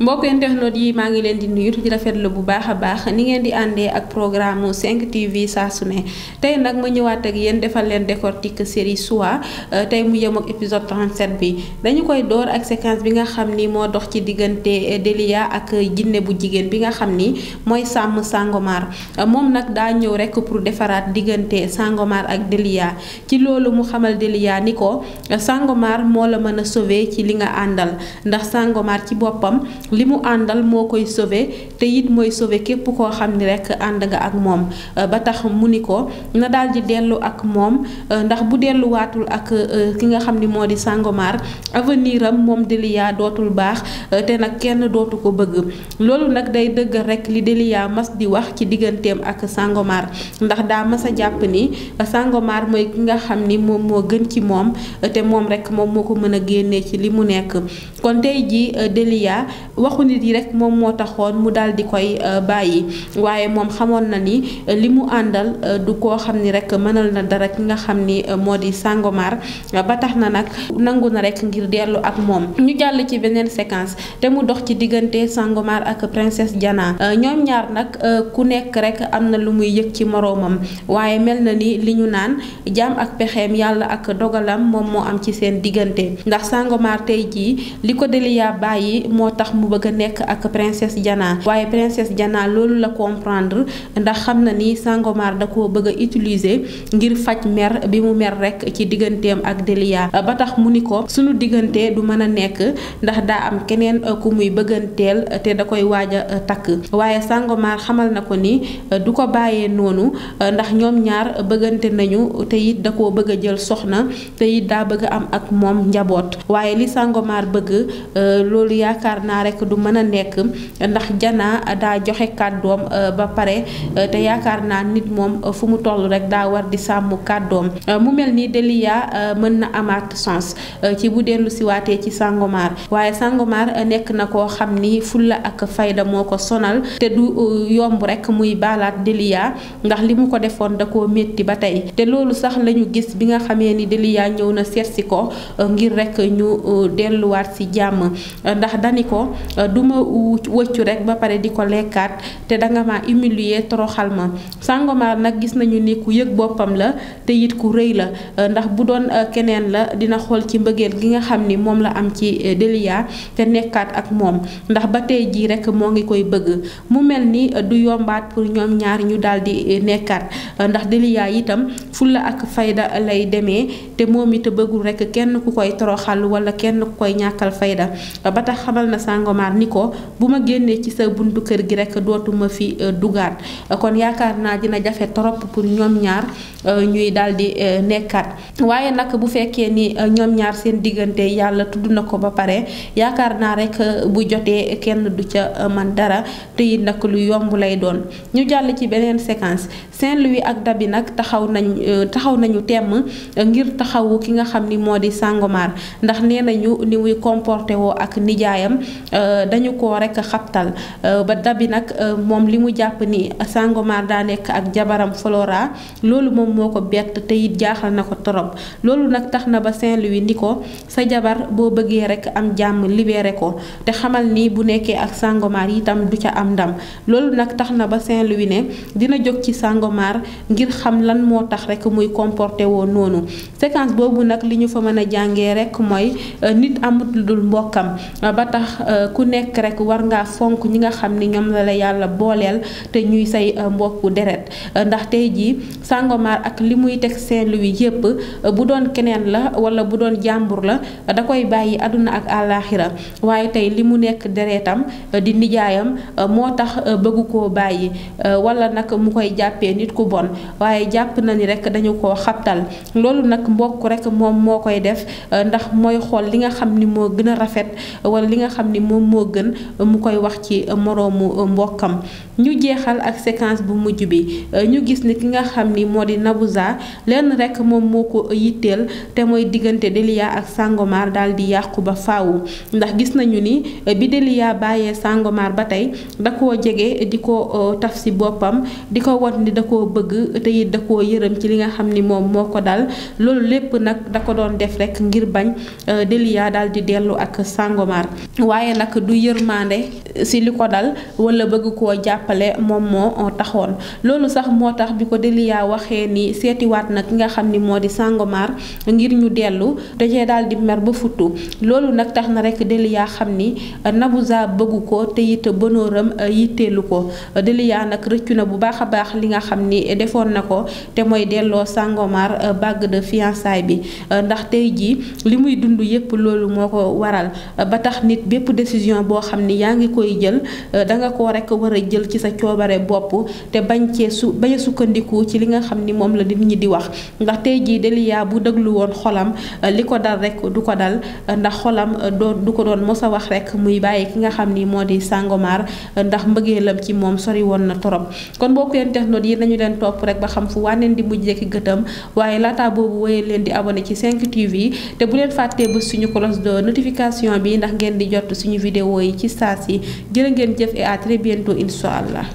mbokk internet yi maa ngi leen di nuyu di rafetlu bu baax a baax ni ngeen di àndee ak programme 5 TV saa su ne tey nag ma ñëwaat ak yéen defal leen décortique série Soie euh, tey mu yem ak épisode 37 bi dañu koy door ak séquence bi nga xam ni moo dox ci diggante euh, Delia ak jinne bu jigéen bi nga xam ni mooy sàmm Sangomar euh, moom nag daa ñëw rek pour defaraat diggante Sangomar ak Delia ci loolu mu xamal Delia ni ko Sangomar moo la mën a sauver ci li nga àndal ndax Sangomar ci boppam li mu àndal moo koy sauver te it mooy sauver képp koo xam ni rek ànd nga ak moom euh, ba tax mu ni ko na daal di dellu ak moom euh, ndax bu delluwaatul ak euh, ki nga xam ni moo di Sangomar avenir am moom Delia dootul baax te nag kenn dootu ko bëgg loolu nag day dëgg rek li Delia mas di wax ci digganteem ak Sangomar ndax daa mas ni Sangomar mooy ki ni moom moo gën ci moom te moom rek moom moo ko mën a génnee ci li mu nekk kon tey ji Delia waxu nit yi rek moom moo taxoon mu daal di koy euh, bàyyi waaye moom xamoon na ni euh, li mu àndal euh, du koo xam ni rek mënal na dara ki nga xam ni moo di Sangomar ba tax na nag nangu na rek ngir dellu ak moom ñu jàll ci beneen séquence te mu dox ci diggante Sangomar ak princesse janaa ñoom ñaar nag ku nekk rek am na lu muy yëg ci moroomam waaye mel na ni li ñu naan jaam ak pexeem yàlla ak dogalam moom moo am ci seen diggante ndax Sangomar tey jii li ko Delia bëgg nek nekk ak princesse Diana waye princesse Diana loolu la comprendre ndax xamna ni Sangomar da ko bëgg utiliser ngir fajj mer bi mu mer rek ci digganteem ak Delia ba tax mu ni ko sunu digënté du mëna a nekk ndax da am keneen euh, ku muy bëgganteel té da koy waja euh, tak waye Sangomar xamal na ko ni euh, du ko bayé nonu ndax ñom ñaar bëggante nañu té yi da ko bëgg jël soxna té yi da bëgg am ak mom njabot waye li Sangomar bëgg lolu yaakaar rek rek du meuna nek ndax jana da joxe kaddom euh, ba pare euh, te yakarna nit mom euh, fu mu rek da war di sammu kaddom mu melni delia meuna amat sens ci bu ci waté ci sangomar waye sangomar nek na ko xamni fulla ak fayda moko sonal te du yomb rek muy balat delia ndax limu ko miti da ko metti batay te lolu sax lañu gis bi nga xamé ni delia ñëw na seetsi ko ngir rek ñu delluwaat ci jamm ndax dani Euh, duma wëccu rek ba paré di ko té da nga ma humilier toroxal ma sangomar gis nañu ni ku yëg bopam la té yit ku reuy la euh, ndax bu doon euh, keneen la dina xol ci mbëggeel gi nga xamni mom la am ci delia té nekkat ak mom ndax ba tay ji rek mo ngi koy bëgg mu melni du yombaat pour ñom ñaar ñu daldi di ndax delia itam fulla ak fayda lay démé té momi té bëggul rek kenn ku koy toroxal wala kenn ku koy ñàkkal fayda ba tax xamal na sango Ngomar niko ko bu ci sa buntu kër gi rek dootuma fi euh, dugaat kon yaakar na dina jafé torop pour ñom ñaar euh, ñuy daldi euh, nekkat waye nak bu fekkee ni ñom ñaar seen digënté yalla tuddu nako ba pare yaakar na rek bu joté kenn du ca man dara te yi nak lu yomb lay doon ñu jall ci benen séquence saint louis ak dabi nak taxaw nañ taxaw nañu tém ngir taxawu ki nga xamni modi sangomar ndax nenañu ni muy comporté wo ak nijaayam Euh, dañu ko rek xabtal euh, ba dabi nag euh, moom li mu jàpp ni Sangomar daa nekk ak jabaram Flora loolu moom moo ko bett te it jaaxal na ko torop loolu nag tax na ba saint wi ni ko sa jabar boo bëggee rek am jàmm libéré ko te xamal ni bu nekkee ak Sangomar itam du ca am ndam loolu nag tax na ba saint wi ne dina jóg ci Sangomar ngir xam lan moo tax rek muy comporté woo noonu séquence boobu nag li ñu fa mën a jàngee rek mooy nit amut dul mbokkam ba tax ku nekk rek war nga fonk ñi nga xamni ñom la la yalla bolel te ñuy say euh, mbokku deret euh, ndax tay ji sangomar ak limuy tek saint louis euh, bu doon keneen la wala bu doon jambour la da koy bayyi aduna ak alakhirah waye tay limu nek deretam di nijaayam motax beggu ko bayyi wala nak mu koy jappé nit ku bon waye japp na ni rek dañu ko xaptal loolu nak mbokk rek mom moo koy def ndax moy xol li nga xamni ni gëna rafet wala li nga xamni ni moo gën mu koy wax ci moroomu mbokkam ñu jeexal ak séquence bu mujj bi ñu gis ni ki nga xam ni moo di Nabouza lenn rek moom moo ko yitteel te mooy diggante Delia ak Sangomar daal di yàqu ba faawu ndax gis nañu ni bi Delia bàyyee Sangomar ba tey da koo jege di ko euh, taf si boppam di ko won ni da ko bëgg te it da ko yërëm ci li nga xam ni moom moo ko dal loolu lépp nag da ko doon def rek ngir bañ euh, Delia daal di dellu ak Sangomar waaye nag du yërmande eh, si li ko dal wala bëgg koo jàppale moom moo eh, taxoon loolu sax moo tax bi ko Delia waxee ni seetiwaat na ki nga xam ni moo di Sangomar ngir ñu dellu dajee daal di mer ba futtu loolu nag tax na rek yaa xam ni eh, Nabouza bëggu ko te it bonooram yitteelu ko Delia nag rëccu na bu baax a baax li nga xam ni defoon na ko te mooy delloo Sangomar bàgg de fiançailles bi ndax tey jii li muy dund yépp loolu moo ko waral ba tax nit bépp décision boo xam ni yaa ngi koy jël euh, da nga ko rek war a jël ci sa coobare bopp te bañ cee su bañ a sukkandiku ci li nga xam ni moom la nit ñi di wax ndax tey jii Delia bu déglu woon xolam euh, li ko dal rek du ko dal euh, ndax xolam doo du ko doon mos a wax rek muy bàyyi ki nga xam ni moo di Sangomar ndax mbëggeelam ci moom sori woon na torop kon boo ko internet yi nañu leen topp rek ba xam fu wànneen di mujj rekk gëtam waaye laata boobu wéyal leen di abonné ci 5 TV te bu leen bi ndax di jot jot suñu vidéo yi ci saa si jërë ngeen jëf et à très bientôt incha allah.